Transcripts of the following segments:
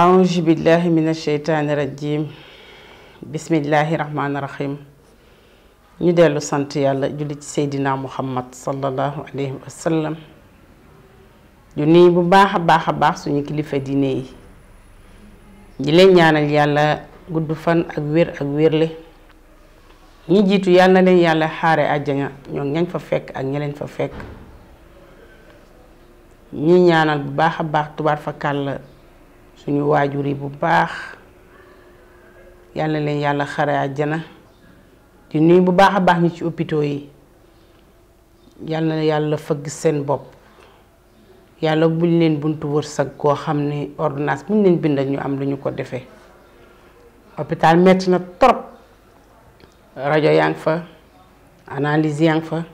أعوذ بالله من الشيطان الرجيم بسم الله ñu dellu sant yàlla julli ci Seydina Muhammad sallallahu alayhi wa bu baax a baax a baax suñu kilifa diine yi di leen yàlla gudd fan ak ak wérle jiitu yàlla na leen yàlla xaare àjjana ñoo ñañ fa fekk ak ña leen fa fekk ñi ñaanal bu baax a baax tubaar fa kàll suñu waajur yi bu baax yàlla leen yàlla xare àjjana di nuyu bu baax a baax ñi ci hôpitaux yi yàlla yàlla fëgg seen bopp yàlla buñ leen buntu sag koo xam ne ordonnance buñ leen bindal ñu am lu ko defee hôpital metti na trop rajo yaa ngi fa analyse yaa fa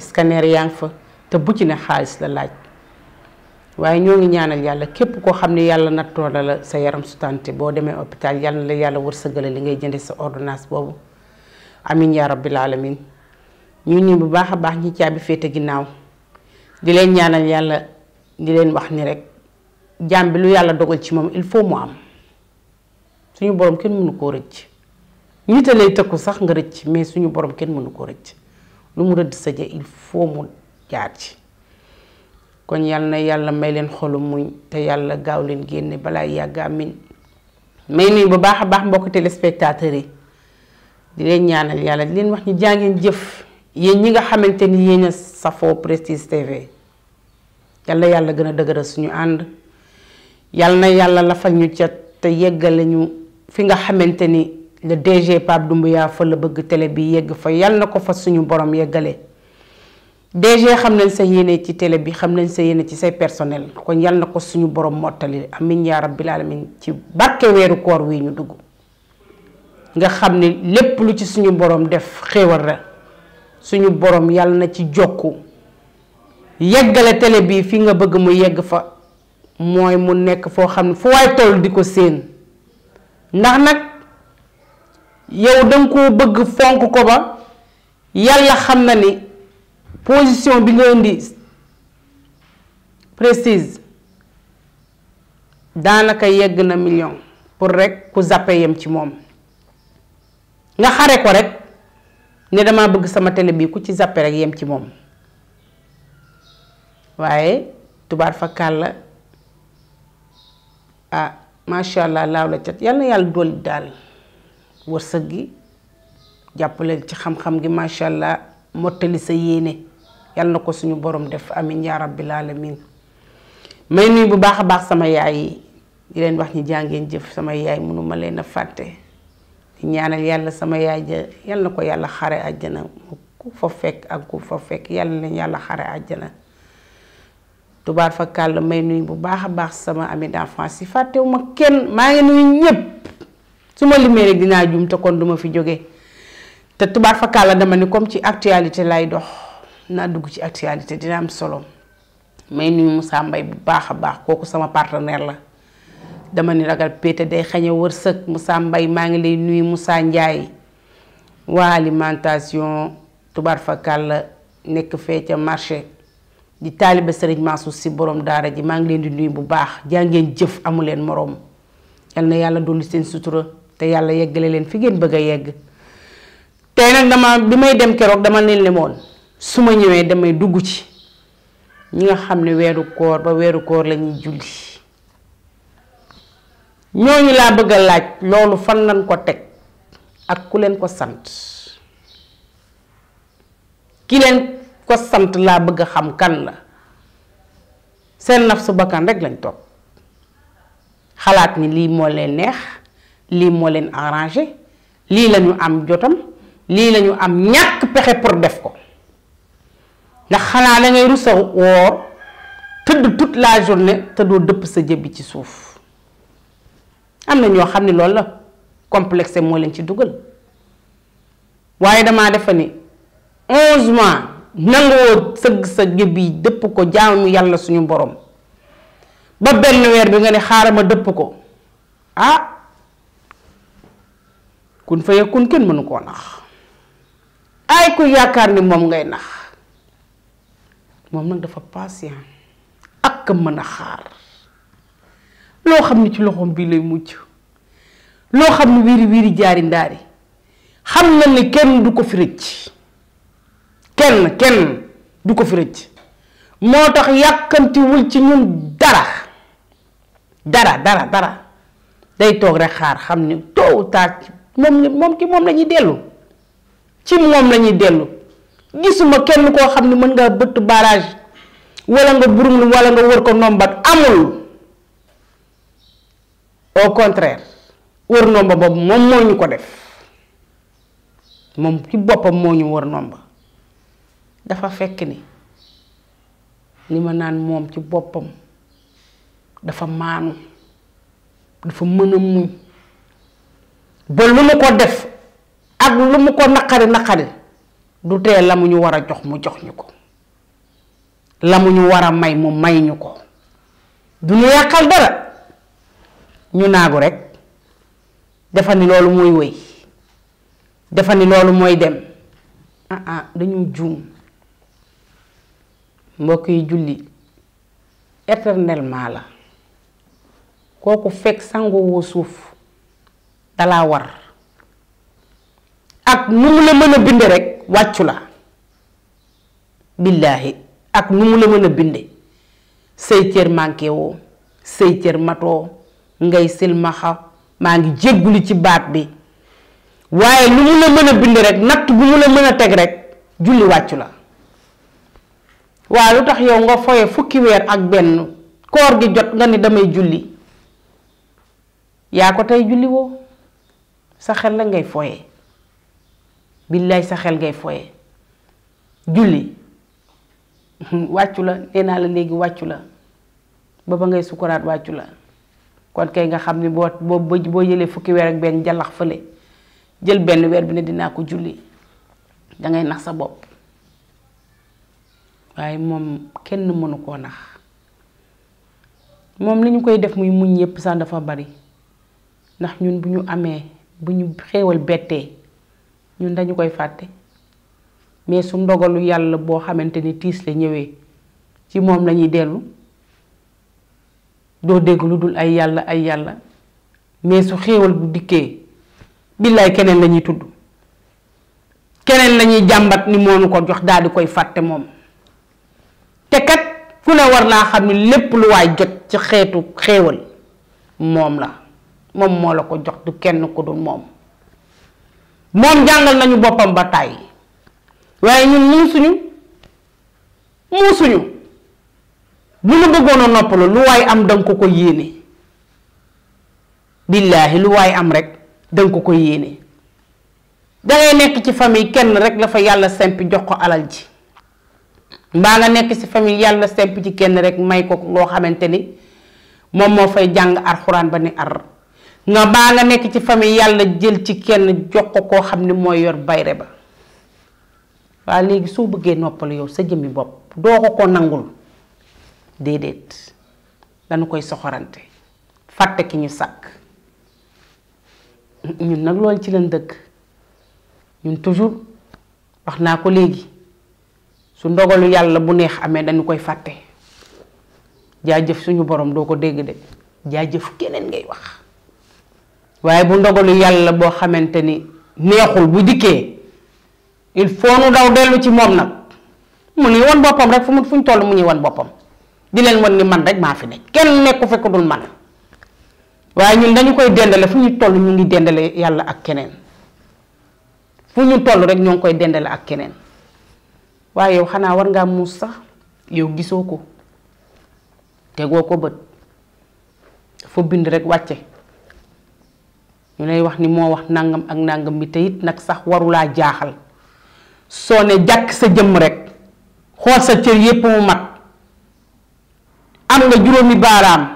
scanner yaa fa te bu ci ne xaalis la laaj waye ñoo ngi ñaanal yalla képp ko xamni yalla natto la sa yaram sutante bo démé hôpital yalla na la yalla wërsëgale li ngay jëndé sa ordonnance bobu amin ya rabbil alamin ñu ñi bu baaxa baax ñi ciabi fété ginnaw di leen ñaanal yalla di leen wax ni rek jambi lu yalla dogal ci mom il faut mu am suñu borom kenn mënu ko rëcc ñi té lay tëkku sax nga rëcc mais suñu borom kenn mënu ko rëcc lu mu rëdd sa je il faut mu jaar ci kon yal na yàlla may leen xolu muñ te yàlla gaaw leen génne balaa yàgg amin may nuyu bu baax a baax mbokk téléspectateurs yi di leen ñaanal yàlla di leen wax ñu jàngeen jëf yéen ñi nga xamante ni yéen a safoo Prestige TV yàlla yàlla gën a dëgëral suñu ànd yàlla na yàlla lafal ñu cat te yeggale ñu fi nga xamante ni le DG Pape Doumbouya fa la bëgg télé bi yegg fa yàlla na ko fa suñu borom yeggale DG xam nañ sa yéene ci télé bi xam nañ sa yéene ci say personnel kon yal na ko suñu borom mottali amin yaa rabbil alamin ci barke weeru koor wi ñu dugg nga xam ni lépp lu ci suñu borom def xéewal la suñu borom yal na ci jokku yeggale télé bi fi nga bëgg mu yegg fa mooy mu nekk foo xam ne fu waay toll di ko séen ndax nag yow danga koo bëgg fonk ko ba yàlla xam na ni position bi nga indi précise daanaka yegg na million pour rekk ku zappe yem ci moom nga xare ko rek ne dama bëgg sama télé bi ku ci zappe rek yem ci moom waaye tubaar fa kàll ah macha allah laaw la cat yàlla na yàlla dolli daal wërsëg gi jàppale ci xam-xam gi macha allah mottali sa yéene yal na ko suñu boroom def amin yaa rabbil alamin may nuyu bu baax a baax sama yaay yi leen wax ñi jàngeen jëf sama yaay mënuma leen a fàtte di yàlla sama yaay ja yal na ko yàlla xare àjjana ak ku fa fekk yàlla xare àjjana tubaar fa kàll may nuyu bu baax a baax sama ami d'enfance yi fàttewuma kenn maa ngi nuyu ñëpp su ma limee rek dinaa jum te kon duma fi jóge te tubaar fa kàll dama ni comme ci actualité lay dox na dugg ci actualité dina am solo may nuyu Moussa Mbaye bu baax baax koku sama partenaire la dama ni ragal pété day xagne wërseuk Moussa Mbaye ma ngi lay nuyu Moussa Ndiaye wa alimentation tubar fakal la ca marché di talibé serigne Mansour ci borom daara ji ma ngi di nuyu bu baax jàngeen jëf amulen morom moroom yal na yàlla dolli seen sutura te yalla yeggale len fi ngeen bëgg yegg tay nak dama bi dem kérok dama limone su ma ñëwee damay dugg ci ñi nga xam ne weeru koor ba weeru koor lañuy julli ñooñu laa bëgg a laaj loolu fan lañ ko teg ak ku leen ko sant ki leen ko sant laa bëgg a xam kan la seen naf su bakkan rek lañ toog xalaat ni lii moo leen neex lii moo leen arrangé lii lañu am jotam lii lañu am ñàkk pexe pour def ko ndax xanaa da ngay rusa woor tëdd toute la journée te dëpp sa jëbbi ci suuf am na ñoo xam ne loolu la complexe moo leen ci dugal waaye damaa defa ni onze mois nangoo sëgg sa jëbbi dëpp ko jaamu yàlla suñu borom ba benn weer bi nga ne xaaral ma dëpp ko ah kun fa yakun kenn mënu koo nax ay ku yaakaar ni moom ngay nax mom nak dafa patient ak a mën xaar Lo xamni ci loxom bi lay mucc lo xamni wiri wiri jaari ndari xam na ni kenn du ko fi recc kenn kenn du ko fi recc motax yakanti wul ci ñun dara dara dara dara day tok rek xaar xamni to tak? Mom mom ki mom lañuy delu ci mom lañuy delu gisuma kenn koo xam ne mën ngaa bëtt barrage wala nga burum lu wala nga wër ko nombat amul au contraire wër nomba boobu moom moo ñu ko def moom ci boppam moo ñu wër nomba dafa fekk ni li ma naan moom ci boppam dafa maanu dafa mën a muñ ba lu mu ko def ak lu mu ko naqari naqari du tee la mu ñu war a jox mu jox ñu ko la mu ñu war a may mu may ñu ko du ñu yàqal dara ñu naagu rek dafa ni loolu mooy wéy dafa ni loolu mooy dem ah ah dañu juum mbokk yi julli éternellement la kooku fekk sangoowoo suuf dalaa war ak nu mu la mën a bind rek wàccu la billaahi ak lu mu la mën a binde say cër manqué woo cër matoo ngay silmaxa maa ngi jéggulu ci baat bi waaye lu mu la mën a bind rek natt bu mu la mën a teg rek julli wàccu la waaye lu tax yow nga foye fukki weer ak benn koor gi jot nga ni damay julli yaa ko tey julli sa xel la ngay foye billaay sa xel ngay foye julli wàccu la nee naa la léegi wàccu la ba ba ngay sukuraat wàccu la kon kay nga xam ne boo boo boo jëlee fukki weer ak benn jalax fële jël benn weer bi ne dinaa ko julli dangay nax sa bopp waaye moom kenn mënu koo nax moom li ñu koy def muy muñ yépp sax dafa bari ndax ñun bu ñu amee bu ñu xéewal bettee ñun dañu koy fàtte mais su ndogalu yàlla boo xamante ni tiis la ñëwee ci moom la ñuy dellu doo dégg lu dul ay yàlla ay yàlla mais su xéewal bu dikkee billaay keneen la ñuy tudd keneen la ñuy jàmbat ni moonu ko jox daal di koy fàtte moom te kat ku ne war naa xam ni lépp lu waay jot ci xeetu xéewal moom la moom moo la ko jox du kenn ku dul moom moom jàngal nañu boppam ba tàyyi waaye ñun muusuñu muusuñu lu la bëggoon a noppalu lu waay am danga ko ko yéene billaahi lu waay am rek danga ko ko yéene dangay nekk ci fami kenn rek la fa yàlla sempi jox ko alal ji mbaa nga nekk ci famille yàlla semp ci kenn rek may ko loo xamante ni moom moo fay jàng alxuraan ba ni ar nga baa nga nekk ci famille yàlla jël ci kenn jox ko koo xam ni mooy yor bayre ba waaye léegi soo bëggee noppalu yow sa jëmmi bopp doo ko ko nangul déedéet dañu koy soxorante fàtte ki ñu sàkk ñun nag lool ci lañ dëkk ñun toujours wax naa ko léegi su ndogalu yàlla bu neex amee dañu koy fàtte jaa jëf suñu borom doo ko dégg de jëf keneen ngay wax waaye bu ndogalu yàlla boo xamante ni neexul bu dikkee il faut nu daw dellu ci moom nag mu ni wan boppam rek fu mu fu ñu toll mu ngi wan boppam di leen wan ni man rek maa fi nekk kenn nekku fekk dul man waaye ñun dañu koy dendale fu ñu toll ñu ngi dendale yàlla ak keneen fu ñu toll rek ñoo ngi koy dendale ak keneen waaye yow xanaa war ngaa muus sax yow gisoo ko tegoo ko bët foo bind rek wàcce ñu wax ni moo wax nangam ak nangam bi te it nag sax warulaa jaaxal soo ne jàkk sa jëmm rek xool sa cër yépp mu mat am nga juróomi baaraam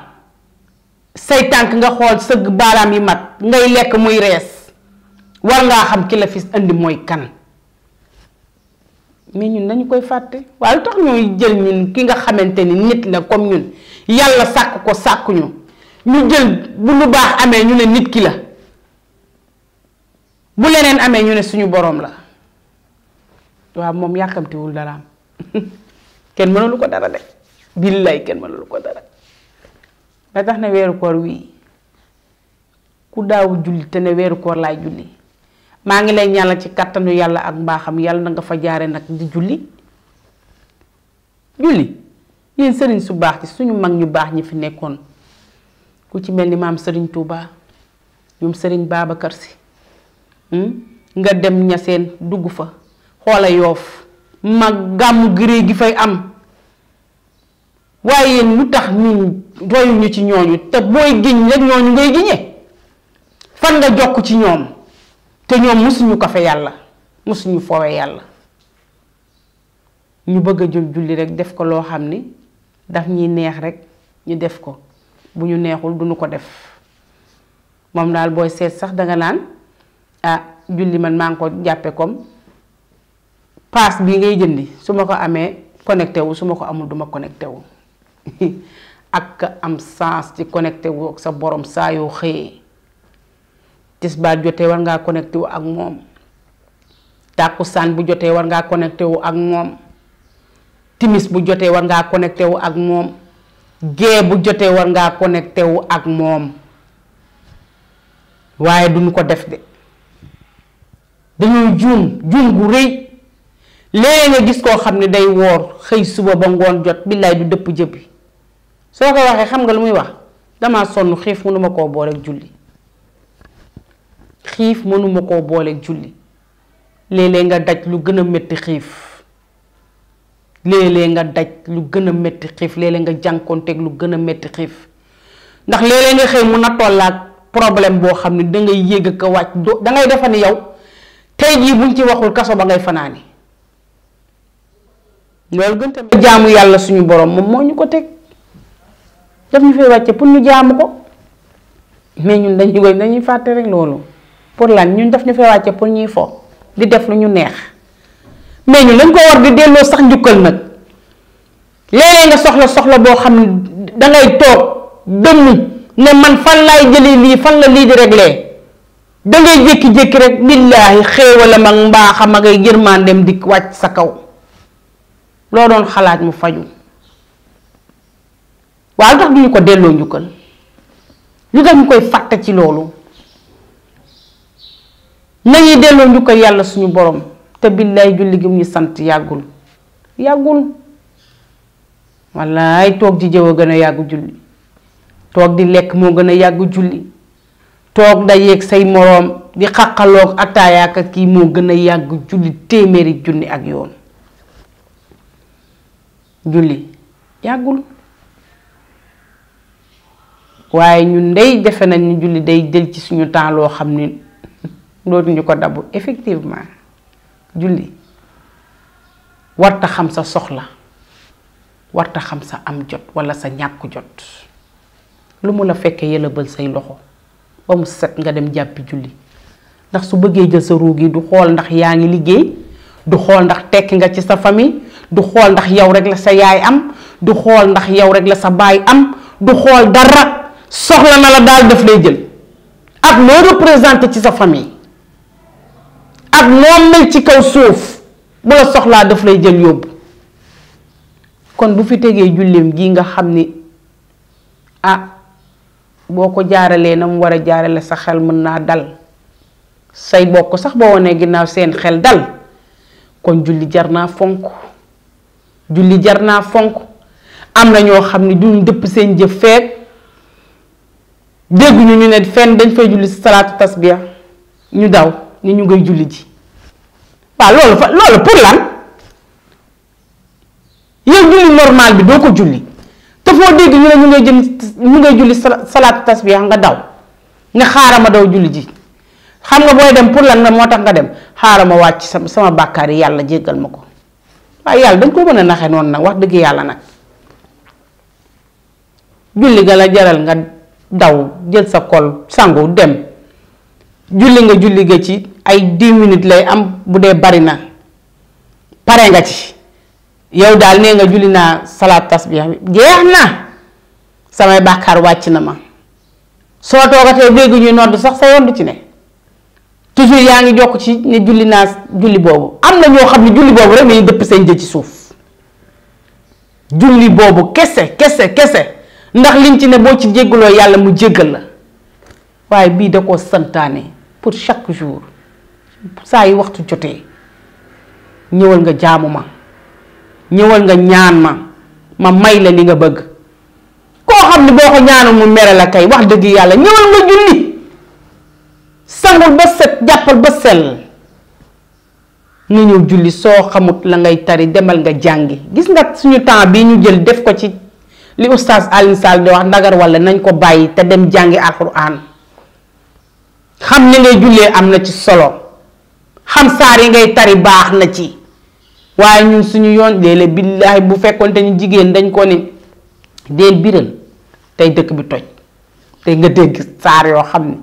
say tànk nga xool sëgg baaraam yi mat ngay lekk muy rees war ngaa xam ki la fi indi mooy kan mais ñun dañu koy fàtte waaye lu tax ñuy jël ñun ki nga xamante ni nit la comme ñun yàlla sàkk ko sàkk ñu ñu jël bu lu baax amee ñu ne nit ki la bu leneen amee ñu ne suñu boroom la waaw moom yàkkamtiwul daraam kenn mënalu ko dara de billaay kenn mënalu ko dara ba tax na weeru koor wii ku daawu julli te ne weeru koor laay julli maa ngi lay ñàll ci kàttanu yàlla ak mbaaxam yàlla na nga fa jaare nag di julli julli yéen sëriñ su baax ci suñu mag ñu baax ñi fi nekkoon ku ci mel ni maam sëriñ Touba ñoom sëriñ kër si Hmm? nga dem ñaseen dugg fa xoola yoof mag gàmmu girée gi fay am waaye lu tax ñun royuñu ci ñooñu te booy giñ rek ñooñu ngay giñee fan nga jokk ci ñoom te ñoom mosuñu kafe yàlla mësuñu fowe yàlla ñu bëgg a jël julli rekk def ko loo xam ni daf ñuy neex rekk ñu def ko bu ñu neexul duñu ko def moom daal booy seet sax danga naan ah julli man mang ko jappé kom pass bi ngay jëndi suma ko amé connecté wu suma ko amul duma connecté wu ak am sens ci connecté wu ak sa borom yo yoo tis ba jotee war nga connecté wu ak moom san bu jotee war nga connecté wu ak mom timis bu jotee war nga connecté wu ak mom ge bu jotee war nga connecté wu ak mom waye duñ ko def de dañoo juum juum bu réy léegi nga gis koo xam ne day woor xëy suba ba ngoon jot billaay du dëpp jëppi soo ko waxee xam nga lu muy wax damaa sonn xiif mënuma koo booleeg julli xiif mënuma koo booleek julli léeg nga daj lu gën a métti xiif léeg nga daj lu gën a métti xiif léeg-léeg nga jànkoonteeg lu gën a métti xiif ndax léeg-léeg nga xëy mun a tollaak problème boo xam ne dangay yéeg ak a wàcc dangay defa yow tey jii buñ ci waxul kaso ba ngay fanaani loolu gën tamit jaamu yàlla suñu borom moom moo ñu ko teg daf ñu fay wàcce pour ñu jaamu ko mais ñun dañuy koy dañuy fàtte rek loolu pour lan ñun daf ñu fay wàcce pour ñuy fo di def lu ñu neex mais ñun dañ ko war di delloo sax njukkal nag léeg-léeg nga soxla soxla boo xam ne dangay toog dëmm ne man fan laay jëlee lii fan la lii di réglé da ngay jékki-jékki rek billaahi xéewalam ak mbaaxam ak ay dem dikk wàcc sa kaw loo doon xalaat mu faju waaw lu tax du ñu ko delloo njukkal lu tax ñu koy fàtte ci loolu nañuy delloo njukkal yàlla suñu boroom te billaay julli gi mu ñu sant yàggul yàggul wallaay toog di jëw a gën a yàgg julli toog di lekk moo gën a yàgg julli da yek say morom di xaqaloog ataya kii ki mo gëna yag julli téeméeri junni ak yoon julli yagul waye ñun ndey defe nañ ni julli day jël ci suñu temps lo xamni ni dootuñu ko dabu effectivement julli warta xam sa soxla warta xam sa am jot wala sa ñak jot lu mu la fekkee yëlëbal say loxo ba mu set nga dem jàppi julli ndax su bëggee jël sa ruug yi du xool ndax yaa ngi liggéey du xool ndax tekki nga ci sa famille du xool ndax yow rek la sa yaay am du xool ndax yow rek la sa baay am du xool dara soxla na la daal daf lay jël ak loo représenté ci sa famille ak loo mel ci kaw suuf bu la soxlaa daf lay jël yóbbu kon bu fi tegee julleem gi nga xam ni ah boo ko jaaralee na mu war a jaarale sa xel mën naa dal say bokk sax boo wanee ginnaaw seen xel dal kon julli jar naa fonk julli jar naa fonk am na ñoo xam ne duñ dëpp seen jëf feek dégguñu ñu ne fenn dañ fay julli salaatu tasbiya ñu daw ni ñu ngay julli ji waaw loolu fa loolu pour lan yow julli normal bi doo ko julli te fo deg ñu ne ñu ngay jël ñu ngay julli salat tasbih nga daw ne xaaral ma daw julli ji xam nga boy dem pour lan nga motax nga dem xaaral ma sama sama bàkkaar yi jéggal mako wa yalla dañ ko mëna naxé non nak wax deug yalla nak julli ga la jaral nga daw jël sa kol sangu dem julli nga julli ga ci ay 10 minutes lay am budé bari na paré nga ci yow daal nee nga julli naa salaat tasbiya bi jeex na samay bàkkaar wàcc na ma soo toogatee dégg ñuy nodd sax sa ci ne toujours yaa ngi jokk ci ne julli naa julli boobu am na ñoo xam ne julli boobu rek dañuy dëpp seen jë ci suuf julli boobu kese kese kese ndax liñ ci ne boo ci jéggaloo yàlla mu jéggal la waaye bii da koo santaane pour chaque jour saa yi waxtu jotee ñëwal nga jaamu ma ñëwal nga ñaan ma ma may la li nga bëgg ko xamni boko ñaanu mu mere la kay wax dëgg yalla ñëwal nga julli sangul ba set jappal ba sel ñu ñëw julli so xamut la ngay tari demal nga jangi gis nga suñu temps bi ñu jël def ko ci li oustaz Alioune Sall di wax ndagar wala nañ ko bayyi te dem jangi alquran xam ni ngay julle amna ci solo xam saar yi ngay tari baax na ci waaye ñun suñu yoon léeg-léeg billaahi bu fekkonte ni jigéen dañ ko ni deel biral tey dëkk bi toj tey nga dégg saar yoo xam ne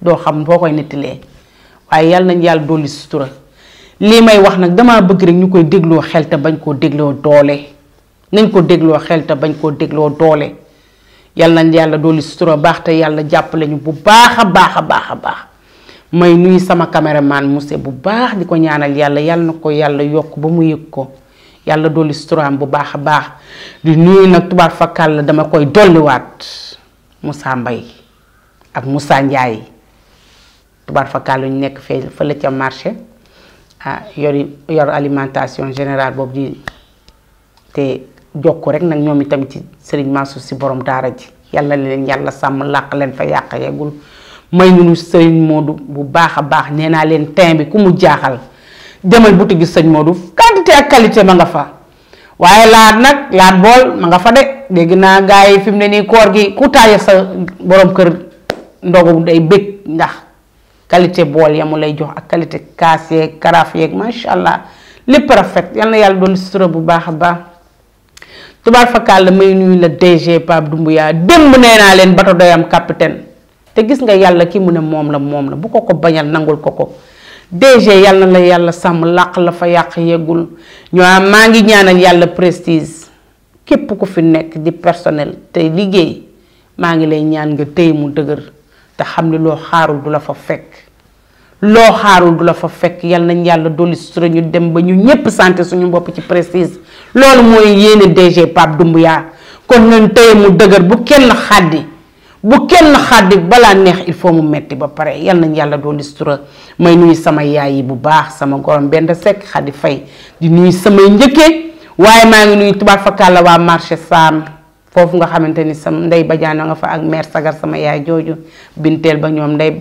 doo xam foo koy nettalee waaye yàlla nañ yàlla dolli sutura lii may wax nag damaa bëgg rek ñu koy dégloo xel bañ koo dégloo doole nañ ko dégloo xel bañ koo dégloo doole yàlla nañ yàlla dolli sutura baax te yàlla jàpp lañu bu baax a baax a baax a baax may nuyu sama caméraman Mousse bu baax di ko ñaanal yàlla yàlla na ko yàlla yokk ba mu yëg ko yàlla dolli suturaam bu baax a baax di nuyu nag tubaab fakkal la dama koy dolliwaat Moussa mbay ak Moussa Ndiaye tubaab la ñu nekk fee fële ca marché ah yori yor alimentation général boobu di te jokk rek nag ñoom itam ci sëriñ Mansour si borom daara ji yàlla leen yàlla sàmm làq leen fa yàq yeggul may ñu sëñ Modou bu baax a baax nee naa leen teint bi ku mu jaaxal demal boutique gi sëñ Modou quantité ak qualité ma nga fa waaye laat nag laat bool ma nga fa de dégg naa gars yi fi mu ne nii koor gi ku taaje sa borom kër ndogu day bëgg ndax qualité bool yamu lay jox ak qualité kaas yeeg karaaf yeeg macha allah lépp rafet yal yàlla doon sutura bu baax a baax. tubaar fakkaal la may nuyu la DG Pape Doumbouya démb nee naa leen bato doy am te gis nga yàlla kii mu ne moom la moom la bu ko ko bañal nangul ko ko DG yàlla la yàlla sàmm làq la fa yàq yeggul ñoo maa ngi ñaanal yàlla prestige képp ku fi nekk di personnel tey liggéey maa ngi lay ñaan nga tey mu dëgër te xam ne loo xaarul du la fa fekk loo xaarul du la fa fekk yal nañ yàlla dolli sutura ñu dem ba ñu ñépp santé suñu bopp ci prestige loolu mooy yéene DG Pape Doumbouya kon nañ tey mu dëgër bu kenn xàddi bu kenn xaddi balaa neex il faut mu metti ba pare yal nañ yàlla dooli sutura may nuyu sama yaay bu baax sama gorom benn sek xaddi fay di nuyu samay njëkkee waaye maa ngi nuyu tubaab fakkaal la waa marché saam foofu nga xamante sam ndey nga fa ak mère sagar sama yaay jooju binteel ba ñoom ndey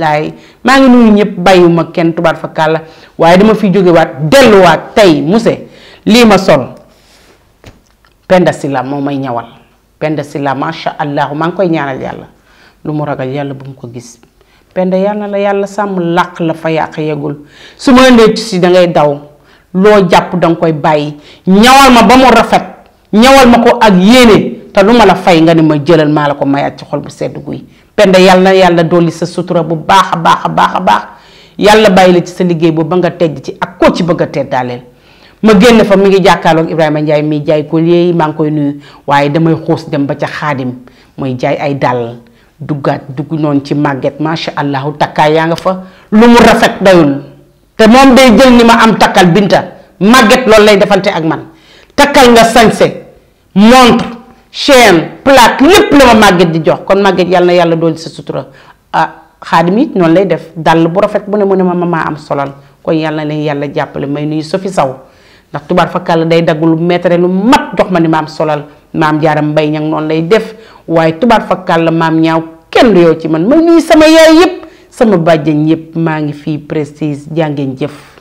laay ma ngi nuyu ñëpp bàyyuma kenn tubaab fakkaal la waaye dama fi jógewaat delluwaat tey lima lii ma sol penda sila mo may ñawal Penda Sylla macha allah maa ngi koy ñaanal yàlla lu mu ragal yàlla bu mu ko gis Penda yàlla la yàlla sàmm làq la fa yàq yegul su ma ëndee si da ngay daw loo jàpp danga koy bàyyi ñawal ma ba mu rafet ñawal ma ko ak yéene te lu ma la fay nga ne ma jëlal maa la ko mayaat ci xol bu sedd guy Penda yàlla na yàlla dolli sa sutura bu baax a baax a baax a baax yàlla bàyyi la ci sa liggéey boobu ba nga tedd ci ak koo ci bëgg a teddaaleel ma génn fa mu ngi jàkkaarloog Ibrahima Ndiaye mi jaay collier yi maa ngi koy nuyu waaye damay xuus dem ba ca xaadim mooy jaay ay dàll duggaat dugg noonu ci màgget macha allahu takkaay yaa nga fa lu mu rafet dayul te moom day jël ni ma am takkal binta màgget loolu lay defal defante ak man takkal nga sañse montre chaîne plaque lépp la ma màgget di jox kon màgget yàlla na yàlla dool sa sutura ah xaadim it noonu lay def dàll bu rafet bu ne mu ne ma ma am solal yàlla yàlla jàppale may nuyu Sofi Saw ndax tubaat tubaar fakkàlla day dagg lu mètre lu mat jox ma ne maam solal maam jaaram mbay ñang noonu lay def waaye tubaat fa fakkàlla maam ñaaw kenn du yow ci man ma nuyu sama yaay yépp sama bàjjen yépp maa ngi fii Prestige jàngeen jëf